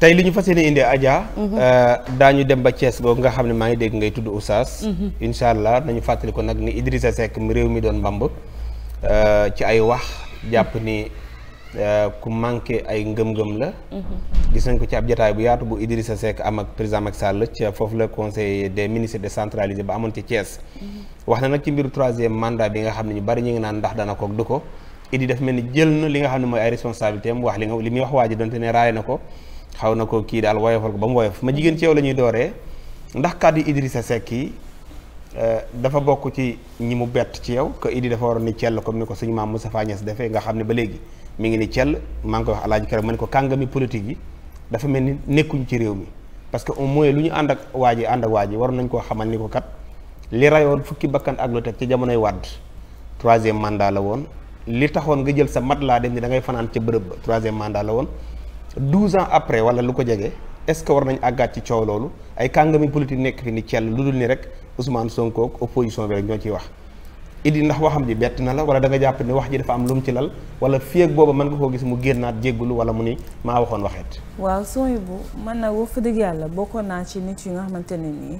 tey li ñu fas yéene indi Adja. Mhm. Euh, daañu dem ba Thiès boobu nga xam ne maa ngi dégg ngay tudd Oustaz. Mhm. incha allah nañu fàttali ko nag ni Idrissa seek mi réew mi doon mbamb euh, ci ay wax jàpp ni euh, ku manqué ay ngëm-ngëm la. Mhm. gis nañ ko ci ab jataay bu yaatu bu Idrissa Seck am ak président Macky Sall ci foofu la conseil des ministres décentralisé ba amoon ci Thiès. wax na nag ci mbiru troisième mandat bi nga xam ne ñu bari ñu ngi naan ndax dana ko du ko Idi daf mel ni jël na li nga xam ne mooy ay responsabilité am wax li nga li muy wax waa ji donte ne raay na ko. xaw na ko kii daal woyofal ko ba mu woyof ma jigéen ci yow la ñuy dooree ndax kàddu sa Seck yi euh, dafa bokk ci ñi mu bett ci yow que Idi dafa waroon ni cell comme ni ko suñu maam sa Niass defee nga xam ne ba léegi mi ngi ni cell maa ngi koy wax alaaji keroog ma ne ko kàngami politique yi dafa mel ni nekkuñ ci réew mi parce que au moins lu ñu ànd ak waa ji ànd ak waa ji waroon nañ koo xamal ni ko kat li rayoon fukki bakkan ak lu teg ci jamonoy wàdd troisième mandat la woon li taxoon nga jël sa mat laa dem ni da ngay fanaan ca bërëb ba troisième la woon 12 ans après wala lu ko jege est-ce war nañ àggaat ci coow loolu ay kàngami politique nekk fi ni cell lu dul ni rek Ousmane Sonko opposition bi ñoo ciy wax idi ndax waxam ji bett na la wala da nga jàpp ni wax ji dafa am lu ci lal wala fii ak mën nga koo gis mu génnaat jéggulu wala mu ni maa waxoon waxeet waaw sooy bu man nag wax dëgg yàlla bokkoon naa ci nit yi nga xamante ne nii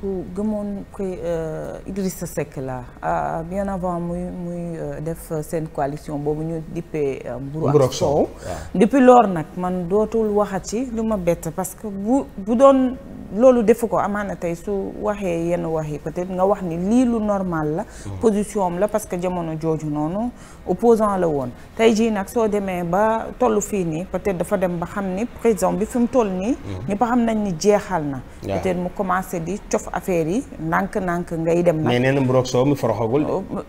ku gëmoon pré euh, Idrissa Seck la ah, bien avant muy muy euh, def euh, seen coalition boobu ñu dippee mburu ak soow depuis loor nag man dootul waxati lu ma bett parce que bu bu doon loolu defu ko amaana tey su waxee yenn wax yi peut-être nga wax ni lii lu normal la mm-hmm. position am la parce que jamono jooju noonu opposant la woon tey jii nag soo demee ba toll fii nii peut-être dafa dem ba xam ni président bi fi mu toll nii mm-hmm. ñëpp xam nañ ni jeexal na peut-être mu commencé di cof affaire yi ndànk-ndànk ngay dem nag mais nee na mburoog soo mi foroxagul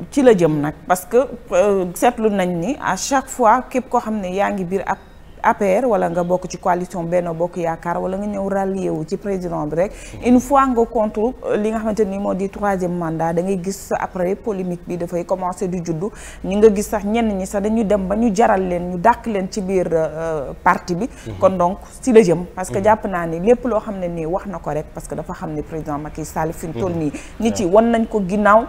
ci la jëm nag parce que euh, seetlu nañ ni à chaque fois képp koo xam ne yaa ngi biir ak APR wala nga bokk ci coalition Benno Bokk Yaakaar wala nga ñëw rallier wu ci président bi rek une fois nga contre li nga xamante ni moo di troisième mandat da ngay gis après polémique bi dafay commencer du juddu ñu nga gis sax ñenn ñi sax dañu dem ba ñu jaral leen ñu dàq leen ci biir euh, parti bi mhm. kon donc si la jëm parce que mhm. jàpp naa ni lépp loo xam ne nii wax na ko rek parce que dafa xam ne président Macky Sall fi mu toll nii mhm. nit yi wan nañ ko ginnaaw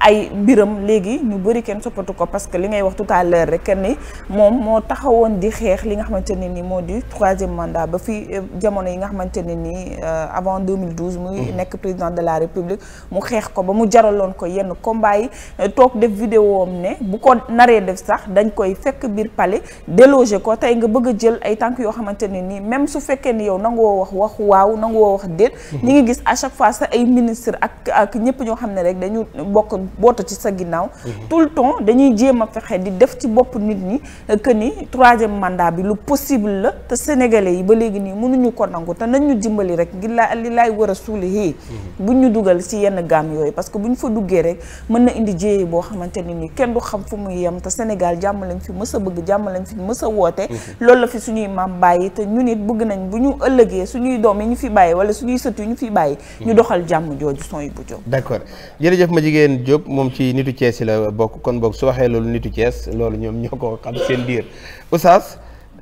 ay mbiram léegi ñu bëri kenn soppatu ko parce que li ngay wax tout à l'heure rek ni moom moo taxawoon di xeex xamante ne ni moo di troisième mandat ba fi eh, jamono yi nga xamante ne ni euh, avant 2012. muy mm-hmm. nekk président de la république mu xeex ko ba mu jaraloon ko yenn combat yi euh, toog def vidéo am ne bu ko naree def sax dañ koy fekk biir palais déloger ko tey nga bëgg a jël ay tànk yoo xamante ne nii même su fekkee ni yow nangoo wax wax waaw nangoo wax déet. Mm-hmm. ñi ngi gis à chaque fois sax ay ministre ak ak ñëpp ñoo xam ne rek dañu bokk boota ci sa ginnaaw. Mm-hmm. tout le temps dañuy jéem a fexe di def ci bopp nit ñi euh, possible la te sénégalais yi ba léegi nii mënuñu ko nangu te nañ ñu dimbali rek ngir laa laay war a suuli hii mhm. buñ ñu dugal ci yenn gaam yooyu parce que bu ñu fa duggee rek mën na indi jéyee boo xamante ne nii kenn du xam fu muy yem te Sénégal jàmm lañ fi mës a bëgg jàmm lañ fi mës a woote mhm. loolu la fi suñuy maam bàyyi te ñun it bëgg nañ bu ñu ëllëgee suñuy doom yi ñu fi bàyyi wala suñuy sët yi ñu fi bàyyi mhm. ñu doxal jàmm jooju son yi bu jóg ma jigéen Diop moom ci nitu Thiès yi la bokk kon boog su waxee loolu nitu Thiès loolu ñoom ñoo ko xam seen biir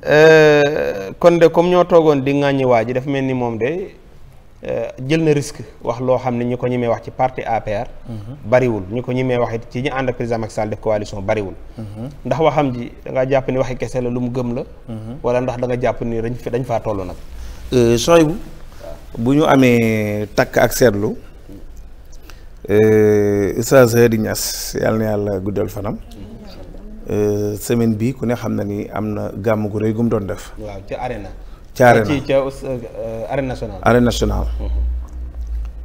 Euh, kon de comme ñoo toogoon di ŋàññi waa ji dafa mel ni moom de euh, jël na risque wax loo xam ne ñi ko ñemee wax ci parti APR. Mhm. bariwul ñi ko ñemee wax ci ñi ànd ak président Macky Sall coalition bariwul. Mhm. ndax waxam ji da jàpp ni waxi kese la lu mu gëm la. Mhm. wala ndax danga jàpp ni dañ dañ faa toll nag. Euh, sooy bu ñu amee takk ak seetlu Oustaz Hady Niass yàlla na yàlla guddal fanam. Euh, semaine bi ku ne xam na ni am na gàmm gu rëy gu mu doon def. waaw ca arena. ca arena ci ca euh, mhm.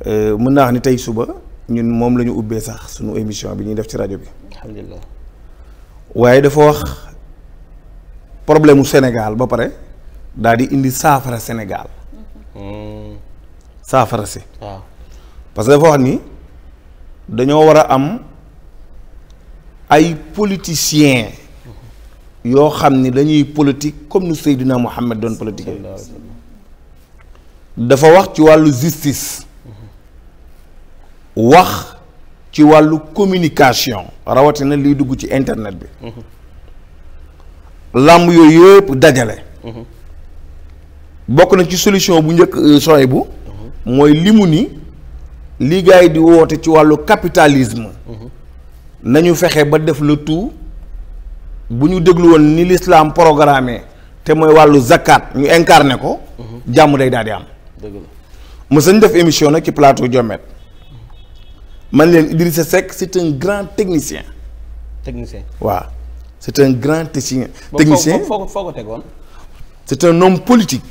euh, mën naa xam ni tey suba ñun moom lañu ñu ubbee sax sunu émission bi ñuy def ci rajo bi. alhamdulilah. waaye dafa wax problème mu Sénégal ba pare daal di indi saafara Sénégal. Mhm. saafara si. waaw dafa wax ni dañoo war a am. ay politiciens yoo xam ni dañuy politique comme nu Seydina Mohamed doon politique dafa wax ci wàllu justice wax ci wàllu communication rawatina liy dugg ci internet bi làmb yooyu yëpp dajale bokk na ci solution bu njëkk euh, sooy bu mhm. mooy li ni li gars yi di woote ci wàllu capitalisme nañu fexe ba def le tout bu ñu déglu woon ni l'islam programmé te mooy wàllu zakat ñu incarné ko. jàmm de daal di am. dëgg la mësañ def émission nag ci plateau Jomet man leen Idrissa Seck c'est un grand technicien. technicien waaw c'est un grand technicien. technicien foo foo tegoon. c'est un homme politique.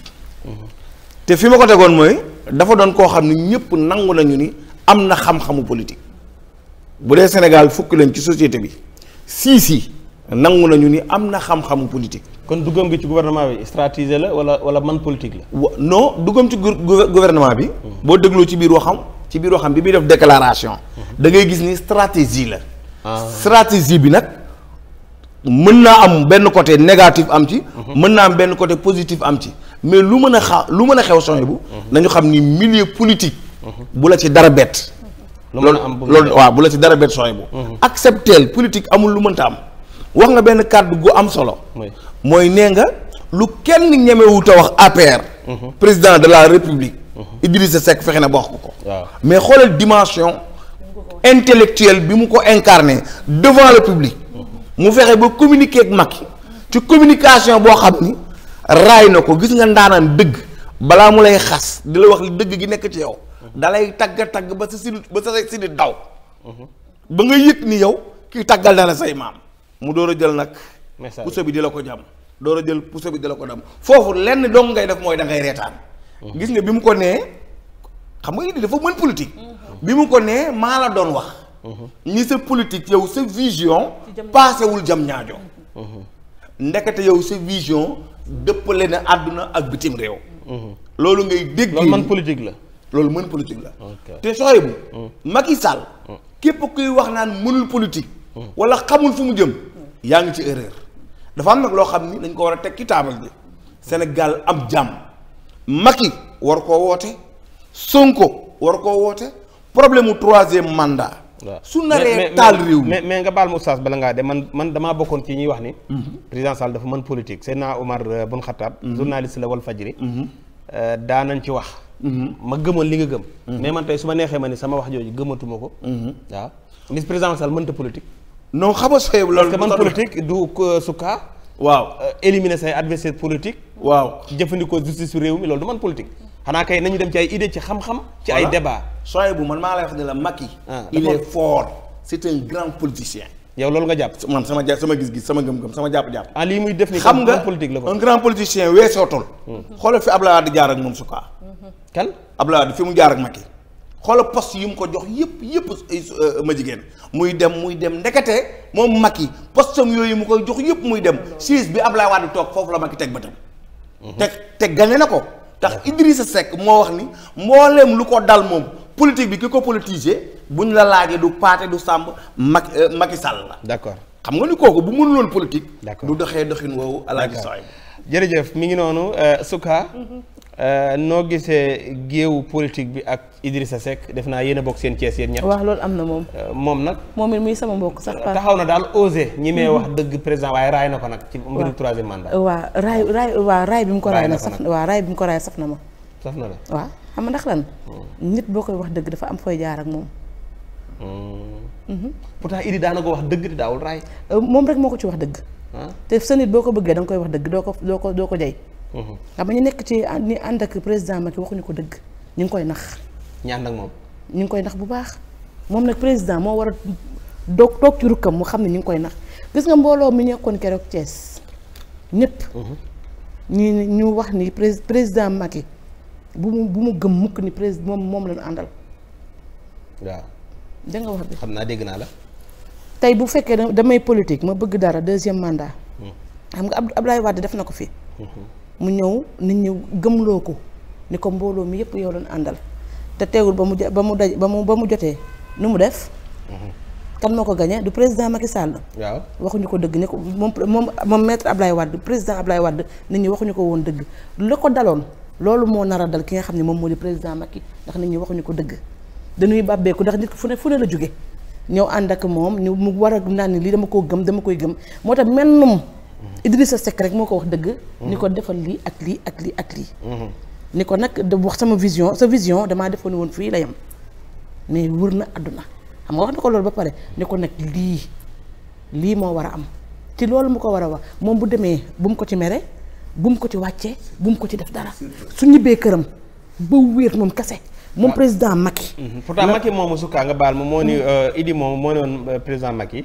Mhm. te fi ma ko tegoon mooy. dafa doon koo xam ni ñëpp nangu nañu ni am na xam-xamu politique. bu dee Sénégal fukki lañ ci société bi sii si nangu nañu ni am na xam-xamu politique. kon duggam gi ci gouvernement bi stratégie la wala wala man politique la. wa non duggam ci gouvernement bi. Hmm. boo dégloo ci biir waxam ci biir waxam bi muy def déclaration. Hmm. da ngay gis ni stratégie la. Ah. stratégie bi nag mën naa am benn côté négatif am ci. Hmm. mën naa am benn côté positif am ci mais lu mën a xa lu mën a xew sooy bu. nañu xam ni milieu politique. bu la ci dara bett. loolu loolu waaw bu la ci dara bett sooy bu mhm. accepteel politique amul lu mënta am wax nga benn kàddu gu am solo mooy nee nga lu kenn ñemewut a wax APR mhm. président de la république mhm. Idrissa Seck fexe na ba wax ko mais xoolal dimension intellectuelle bi mu ko incarné devant le mu fexe ba communiquer ak Macky ci communication boo xam ni raay na ko gis nga ndaanaan dëgg balaa mu lay xas di la wax li dëgg gi nekk ci yow dalay tagg tagg ba sa si ba sa si daw. ba nga yëg ni yow kii taggal na la say maam mu door a jël nag. puso bi di la ko jam door a jël puso bi di la ko dam foofu lenn dong ngay def mooy da ngay reetaan. Mhm. gis nga bi mu ko nee xam nga Idy dafa mën politique. Mhm. bi mu ko nee maa la doon wax. Mhm. ni sa politique yow sa vision. paasewul jam ñaajo. ndekete yow sa vision dëppale na àdduna ak bitim réew. loolu ngay dégg. loolu man politique la. loolu mën politique la. te soxebu. Hmm. Macky Sall. Hmm. képp kuy wax naan mënul politique. Hmm. wala xamul fu mu jëm. yaa ngi ci erreur. dafa am nag loo xam ni dañ ko war a teg ci taabal bi. Sénégal am jàmm. Macky war koo woote. ko war koo woote. problème mu troisième mandat. waaw su naree taal réew mi mais mais nga baal ma oustaz bala ngaa de man man damaa bokkoon ci ñuy wax ni. Mhm. président Sall dafa man mën politique Seydina Omar euh, Bun Khattab. Mhm. journaliste la Walfadjri. Mhm. Euh, daanañ ci wax. Mm-hmm. ma gëmoon li nga gëm mm-hmm. mais man tey su ma neexee ma ni sama wax jooju gëmatuma ko mm-hmm. waaw lis président Sall mënta politique non xama soy loolu parce que man politique du sukaa waaw euh, éliminer say adversaire politique waaw jëfandikoo justice su réew mi loolu du man politique xanaa kay nañu dem ci ay idée ci xam-xam ci ay débat sooy bu man maa lay wax ne la Macky ah, il est fort c'est un grand politicien yow loolu nga jàpp man sama jàpp sama gis-gis sama gëm-gëm sama jàpp-jàpp ah lii muy def ni xam nga politique la ko un grand politicien weesootul hmm. xoolal fi Abdoulaye Wade jaar ak moom su kaa hmm. kan Abdoulaye Wade fi mu jaar ak Macky xoolal post yi mu ko jox yëpp yëpp euh, ma jigéen muy dem muy dem ndekete moom Macky postam yooyu mu koy jox yëpp muy dem siis bi Abdoulaye Wade toog foofu la Macky teg bëtam te hmm. te gagné na ko tax sa Seck moo wax ni mbooleem lu ko dal moom politique bi ki ko politiser buñ la laajee du paate du sàmb mag euh, Macky Sall la. d'accord xam nga ni kooku bu mënuloon politique. d'accord du doxee doxin woowu alaaji Sow. jëf mi ngi noonu euh, Souka. Euh, noo gisee géewu politique bi ak Idrissa Seck def naa yéen a bokk seen Cees yéen ñett. waaw am na moom. moom moom it muy mbokk sax. taxaw na daal osé. ñi may mhm. wax dëgg président waaye raay na ko nag. ci mbiru troisième mandat. waaw raay raay raay bi mu ko. raay na ko nag saf waaw bi mu ko raay na ma. saf na la waaw xam nga ndax lan. Hmm. nit boo koy wax dëgg dafa am fooy jaar ak moom. Oh. Mhm. tax Idi daana ko wax dëgg di daawul raay. Euh, moom rek moo ko ci wax dëgg. te sa nit boo ko bëggee danga koy wax dëgg doo ko doo ko doo ko jay. Uh-huh. xam nga ñu nekk ci ñi ànd ak président Macky waxuñu ko dëgg ñu ngi koy nax. ñi ànd moom. ñu ngi koy nax bu baax moom nag président moo war a toog ci rukkam mu xam ne ñu ngi koy nax gis nga mbooloo mi nekkoon keroog Thiès ñëpp. Uh-huh. ñu ñu wax ni président Macky bu mu bu mu gëm mukk ni président moom moom la ñu àndal waaw. da bi xam naa dégg naa la. tey bu fekkee damay politique ma bëgg dara deuxième mandat. Hmm. xam nga Abdoulaye Wade def na ko fi. Hmm. mu ñëw nit ñi gëmloo ko ni ko mbooloo mi yëpp yow lañ àndal te teewul ba mu ba mu daj ba mu ba mu jotee nu mu def. Hmm. kan moo ko gagné du président Macky Sall. waaw waxuñu ko dëgg ne ko moom moom moom lay Abdoulaye Wade président lay Wade nit ñi waxuñu ko woon dëgg la ko daloon loolu moo nara a dal ki nga xam ne moom moo di président Macky ndax nit ñi waxuñu ko dëgg. dañuy bàbbeeku ndax nit fu ne fu ne la jóge ñëw ànd ak moom ñu mu war a naan ni lii dama koo gëm dama koy gëm moo tax mennum sa Seck rek moo ko wax dëgg ni ko defal lii ak lii ak lii ak lii ni ko nag da wax sama vision sa vision damaa defoon woon fii la yem mais wër na àdduna xam nga wax na ko loolu ba pare ni ko nag lii lii moo war a am ci loolu mu ko war a wax moom bu demee bu mu ko ci mere bu mu ko ci wàccee bu mu ko ci def dara su ñibbee këram ba wéet moom kese moom président Macky. Mhm. pourtant Macky moomu sukkaa nga baal ma moo ni euh, Idi moom moo ne woon euh, président yi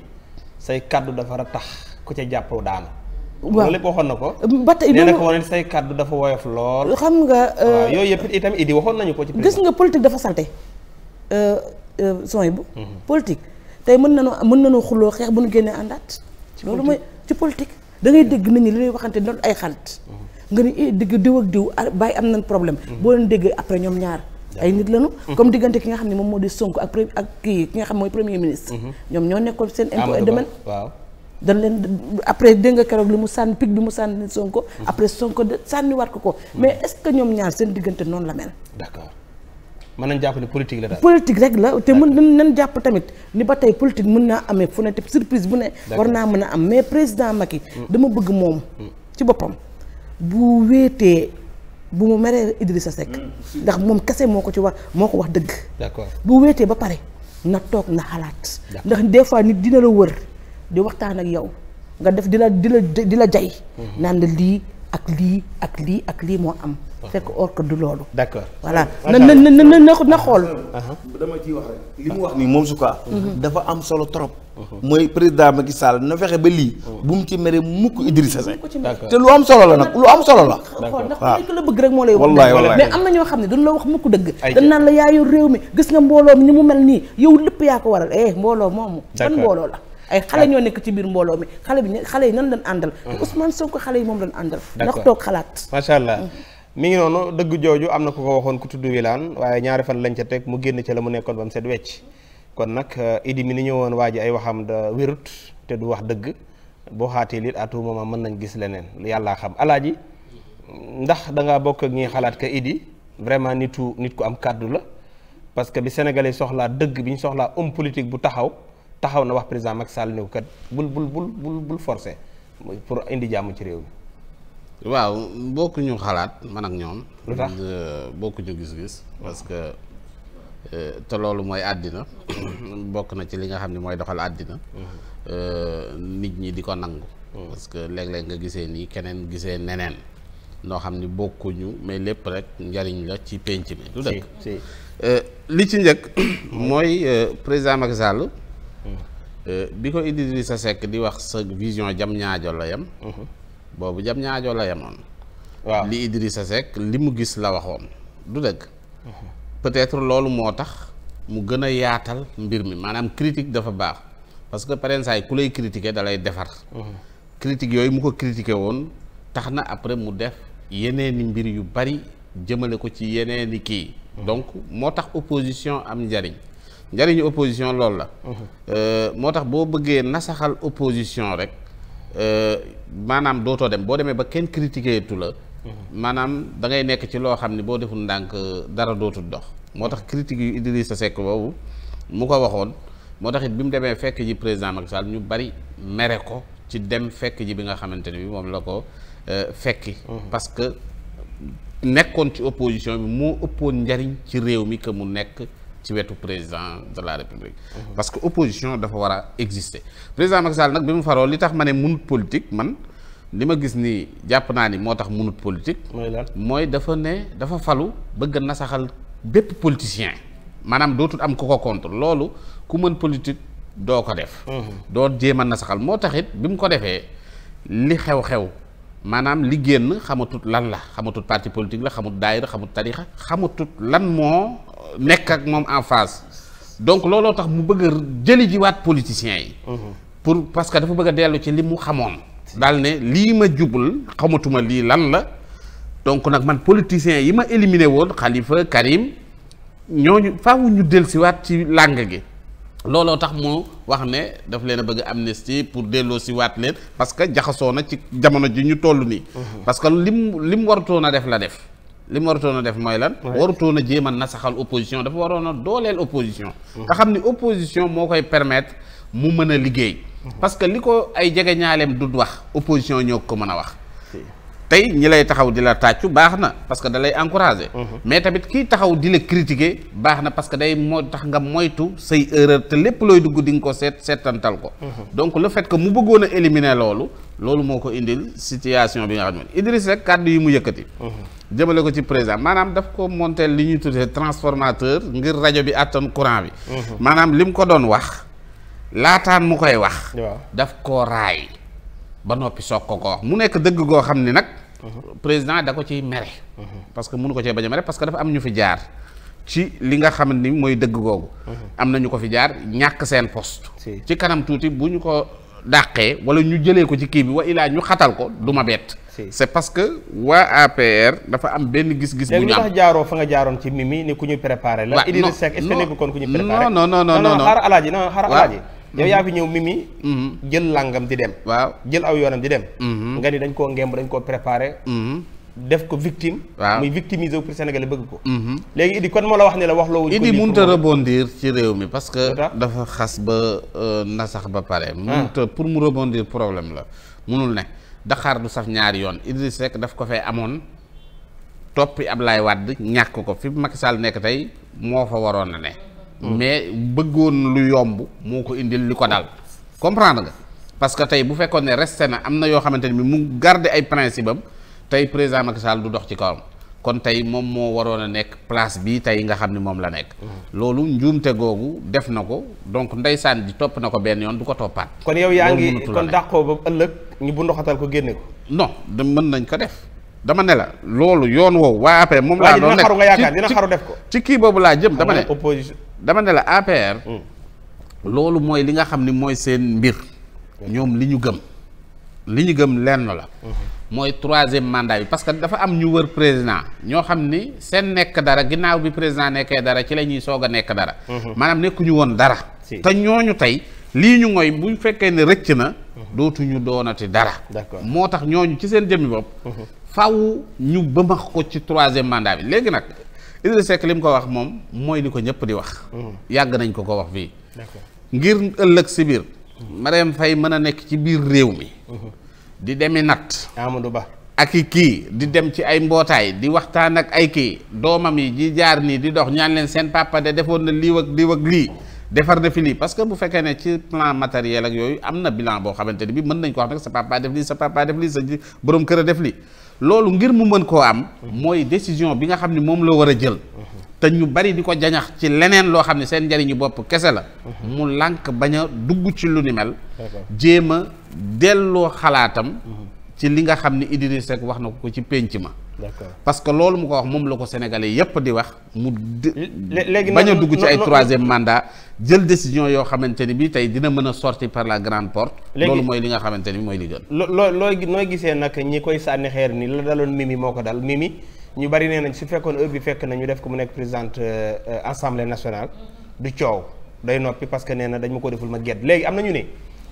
say kàddu dafa ratax ku ca jàpp daanu. waaw lépp waxoon na ko. ba tey nee na ko wane say kaddu dafa woyof lool. xam nga. waaw euh, yooyu yëpp itam Idi waxoon nañu ko ci. gis nga politique dafa salte sooy bu. Mhm. politique tey mën nañoo mën nañoo xuloo xeex bu nu génnee àndaat. loolu mooy ci politique. da ngay dégg nit ñi li ñuy waxante doon ay xarit. Mhm. nga ni eh, digg diw ak diw ah, bàyyi am nañ problème. boo leen déggee après ñoom ñaar. ay nit lañu mhm. comme diggante ki nga xam ne moom moo di Sonko ak kii ki nga xam mooy premier ministre mhm. ñoom ñoo nekkoon seen impôt et domaine waaw dañ leen après dégg keroog li mu sànni pic bi mu sànni Sonko mhm. après Sonko sànniwaat ko ko mais est-ce que ñoom ñaar seen diggante noon la mel d'accord mën nañ jàpp ne politique la daal politique rek la te mën nañ jàpp tamit ni ba tey politique mën naa amee fu ne te surprise bu ne war naa mën a am mais président yi mm. dama bëgg moom mm. ci boppam bu mu meree sa Seck mm. ndax moom kese moo ko ci wax moo ko wax dëgg d'accord bu wéetee ba pare na toog na xalaat ndax des fois nit dina la wër di waxtaan ak yow nga def di la di di la jay mm-hmm. naan la lii ak lii ak lii ak lii moo am fekk orque du loolu. d'accord voilà ah, na na na na na xool. Ah, ah, uh-huh. dama ciy wax rek li mu wax nii moom su kaa mhm. dafa am solo trop. Uh-huh. mooy président Macky Sall na fexe ba lii. Uh-huh. bu mu ci mere mukk Idrissa Seck. te lu am solo la nag lu am solo la. d'accord la bëgg rek moo lay wax. mais am na ñoo xam ne duñu la wax mukk dëgg. ay dañ naan la yaayu réew mi gis nga mbooloo mi ni mu mel nii yow lépp yaa ko waral eh mbooloo moom ban mbooloo la. ay xale ñoo nekk ci biir mbooloo mi xale bi xale yi nan lañ àndal. Ousmane ko xale yi moom lañ àndal. ndax too xalaat. macha allah. Mm-hmm. mi ngi noonu dëgg jooju am na ku ko waxoon ku tudd Wilane waaye ñaari fan lañ ca teg mu génn ca la mu nekkoon ba mu set wecc kon nag euh, idi mi ni ñëwoon waa ji ay waxam da wérut te du wax dëgg boo xaatee lit à tout moment mën nañ gis leneen lu yàllaa xam alaaji ndax da ngaa bokk ak ñi xalaat ka idi vraiment nitu nit ku am kàddu la parce que bi sénégalais soxlaa dëgg bi ñu soxlaa homme politique bu taxaw taxaw na wax président Macky Sall ne kat bul bul bul bul bul forcé pour indi jàmm ci réew mi waaw bokkuñu xalaat man ak ñoom. lu tax euh, bokkuñu gis-gis. parce que euh, te loolu mooy àddina. bokk na ci li nga xam ne mooy doxal àddina. Mm-hmm. Euh, nit ñi di ko nangu. Mm-hmm. parce que léeg nga gisee nii keneen gisee neneen. noo xam ni bokkuñu mais lépp rek njariñ la ci pénc mi. du dëkk li ci njëkk. mooy président Macky Sall. Mm-hmm. bi ko sa Seck di wax sa vision jam ñaajo la yam. boobu jam ñaajoo la yemoon. waaw li Idrissa Seck li mu gis la waxoon du dëgg. peut-être loolu moo tax mu gën a yaatal mbir mi maanaam critique dafa baax parce que parensaay ku lay critiquer dalay defar. critique yooyu mu ko critiquer woon tax na après mu def yeneeni mbir yu bari jëmale ko ci yeneeni kii. donc moo tax opposition am njariñ njariñu opposition loolu la. Euh, moo tax boo bëggee nasaxal opposition rek. Euh, maanaam dootoo dem boo demee ba kenn critiqué tu la. maanaam da ngay nekk ci loo xam ne boo deful ndànk euh, dara dootul dox. moo tax critique yu Idrissa Seck boobu mu ko waxoon moo tax it bi mu demee fekk ji président Macky Sall ñu bari mere ko ci dem fekk ji bi nga xamante ne bi moom la ko euh, fekki. Mhm. parce que nekkoon ci opposition bi moo ëppoon njariñ ci réew mi que mu nekk. ci wetu président de la république. parce que opposition dafa war a exister. président Macky nag bi mu faroo li tax ma ne munut politique man li ma gis nii jàpp naa ni moo tax munut politique. mooy mooy dafa ne dafa falu bëgg na saxal bépp politicien maanaam dootul am ku ko contre loolu ku mën politique doo ko def. Mhm. doo jéem a nasaxal moo taxit bi mu ko defee li xew-xew. maanaam li génn xamatut lan la xamatut parti politique la xamut daayira xamut tarixa xamatut lan moo nekk ak moom en face donc looloo tax mu bëgg a jëli jiwaat politiciens yi mhm. pour parce que dafa bëgg dellu ci li mu xamoon daal ne lii ma jubul xamatuma lii lan la donc nag man politiciens yi ma éliminer woon Khalifa Karim ñooñu faaw ñu dellusiwaat ci làng gi looloo tax mu wax ne daf leen a bëgg amnistie pour delloo si waat leen parce que jaxasoo na ci jamono ji ñu toll nii. Mhm. parce que lim lim warutoon a def la def. li mu warutoon a def mooy lan. warutoon a jéem a nasaxal opposition dafa waroon a dooleel opposition. Mhm. nga xam ni opposition moo koy permettre mu mën a liggéey. Mhm. parce que li ko ay jege ñaaleem du wax opposition ñoo ko mën a wax. tey ñi lay taxaw di la tàccu baax na parce que da lay encourager. Mhm. mais tamit kii taxaw di la critiquer baax na parce que day moo tax nga moytu say erreur te lépp looy dugg di nga ko seet seetantal ko. Mhm. donc le fait que mu bëggoon a loolu loolu moo ko indil situation bi nga xam ne Idriss rek kàddu yi mu yëkkati. Mhm. jëmale ko ci président maanaam daf ko monter li ñuy tuddee transformateur ngir rajo bi àttan courant bi. maanaam li mu ko doon wax laataan mu koy wax. daf koo raay. ba noppi soog ko ko wax mu nekk dëgg goo xam ne nag mhm. président da ko ciy mere mhm. parce que mënu ko cee bañ a mere parce que dafa am ñu fi jaar ci li nga xam ni mooy dëgg googu mhm. am na ñu ko fi jaar ñàkk seen poste ci kanam tuuti bu ñu ko dàqee wala ñu jëlee ko ci kii bi wa ilaa ñu xatal ko du ma bett c'est parce que waa APR dafa am benn gis-gis bu ñu am jaaroo fa nga jaaroon ci mimi ni ku ñu préparé la Idrissa Seck est-ce que nekkul kon ku ñu préparé non non non non non xaar alaaji non xaar alaaji yow yaa fi mhm. ñëw mi mi mhm. jël langam di dem. waaw jël aw yoonam di dem. Mhm. nga ni dañ koo ngemb dañ koo préparé. def ko victime. waaw muy victimiser pour Sénégalais bëgg ko. léegi Idi kon moo la wax ne la wax loo. Idi mënut a rebondir ci réew mi parce que. dafa xas ba euh, nasax ba pare. Ah. mënut pour mu rebondir problème la munul ne Dakar du saf ñaari yoon Idriss Seck daf ko fay amoon toppi lay wadd ñàkk ko fi Macky Sall nekk tey moo fa waroon na ne. mais bëggoon lu yomb moo ko indil li ko dal comprendre nga parce que tey bu fekkoon ne resté na am na yoo xamante ne bi mu garder ay principe am tey président Macky Sall du dox ci kawam kon tey moom moo waroon a nekk place bi tey nga xam ne moom la nekk. Mm-hmm. loolu njuumte googu def na ko donc ndeysaan di topp na ko benn yoon du ko toppaat. kon yow yaa ngi kon dàqoo ba ëllëg ñu bu ndoxatal ko génne ko. non de mën nañ ko def. dama ne la loolu yoon woowu waaye après moom laa def ko. ci kii boobu laa jëm dama ne opposition. dama ne la APR. Mm. loolu mooy li nga xam ni mooy seen mbir. ñoom li ñu gëm. li ñu gëm lenn la. Mm-hmm. mooy troisième mandat bi parce que dafa am ñu wër président ñoo xam ni seen nekk dara ginnaaw bi président nekkee dara ci la ñuy soog a nekk dara. Mm-hmm. maanaam nekkuñu woon dara. te ñooñu tey lii ñu ngoy bu fekkee ne rëcc na. Mm-hmm. dootuñu doonati dara. moo tax ñooñu ci seen jëmmi bopp. faw ñu bëmax ko ci troisième mandat bi léegi nag. Idrissa Seck li mu ko wax moom mooy li ko ñëpp di wax. Hmm. yàgg nañ ko ko wax fii. ngir ëllëg si biir. Marième fay mën a nekk ci biir réew mi. Hmm. di demi nat. Amadou Ba ak i kii di dem ci ay mbootaay di waxtaan ak ay kii doomam yi di jaar nii di dox ñaan leen seen papa de defoon na lii ak lii ak lii. defar na fi lii parce que bu fekkee ne ci plan matériel ak yooyu am na bilan boo xamante ni bi mën nañ ko wax nag sa papa def lii sa papa def lii sa borom kër a def lii. loolu ngir mu mën koo am mooy décision bi nga xam ne moom la war a jël te ñu bari di ko jañax ci leneen loo xam ne seen njariñu bopp kese la mu lànk bañ a dugg ci lu ni mel jéem a delloo xalaatam ci li nga xam ne Idriss Seck wax na ko ko ci pénc ma parce que loolu mu ko wax moom la ko sénégalais yépp di wax mu léegi bañ a dugg ci ay troisième mandat jël décision yoo xamante ni bi tey dina mën a sorti par la grande porte loolu mooy li nga xamante ni bi mooy li gën loo looy nooy gisee nag ñi koy sànni xeer ni la daloon mimi moo ko dal mimi ñu bari nee nañ su fekkoon heure bi fekk na ñu def ko mu nekk présidente euh, assemblée national du coow day noppi parce que nee na dañ ma ko deful ma gedd léegi am na ñu ne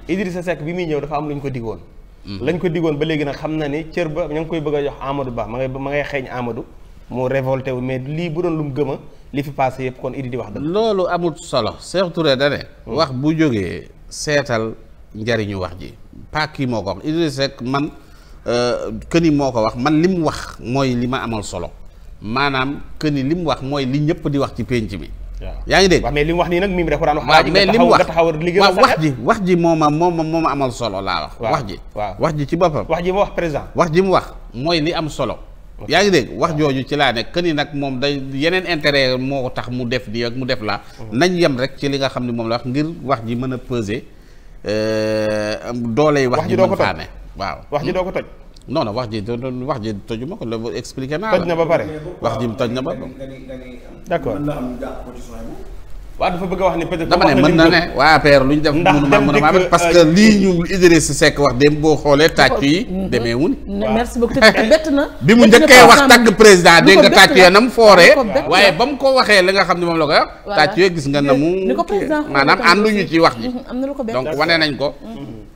Idrissa Seck bi muy ñëw dafa am lu ñu ko digoon Mhm. lañ ko digoon ba léegi nag xam na ni cër ba ña ngi koy bëgg a jox Amadou Ba ma ngay ma ngay xeeñ Amadou mu révolté wu mais lii bu doon lu mu gëma li fi passé yëpp kon idi di wax dëgg loolu amul solo Cheikh Touré da ne mhm. wax bu jógee seetal njariñu wax ji paa kii moo ko wax Idrissa Seck man euh, këni moo ko wax man li mu wax mooy li ma amal solo maanaam këni li mu wax mooy li ñëpp di wax ci pénc mi yaa ngi dégg mais li mu wax nii nag mimi dafa daan wax. ji wax ji moo ma moo ma moo amal solo laa wax. wax ji wax ji ci boppam. wax ji mu wax président. wax ji mu wax mooy li am solo. yaa ngi dégg wax jooju ci laa ne que ni nag moom day yeneen intérêt moo tax mu def di ak mu def laa. Mm-hmm. nañ yem rek ci li nga xam ne moom la wax ngir wax ji mën a peser euh, doole yi wax ji wax ji hmm? doo ko toj. non non wax ji wax ji tojuma ko loolu expliqué naa la. toj na ba pare wax ji toj na ba. d'accord dafa bëgg wax ni peut-être. dama ne mën na ne waa APR lu ñu def. ndax dem dikk parce euh, que lii ñu Idrissa Seck wax dem boo xoolee tàcc yi mm. demee wuñ. bi mu njëkkee wax tàgg président dégg nga tàcc ya na mu waaye ba mu ko waxee li nga xam ne moom la ko wax. tàcc yooyu gis nga na mu. maanaam ànduñu ci wax ji. Mm-hmm. donc wane nañ ko. Mm-hmm.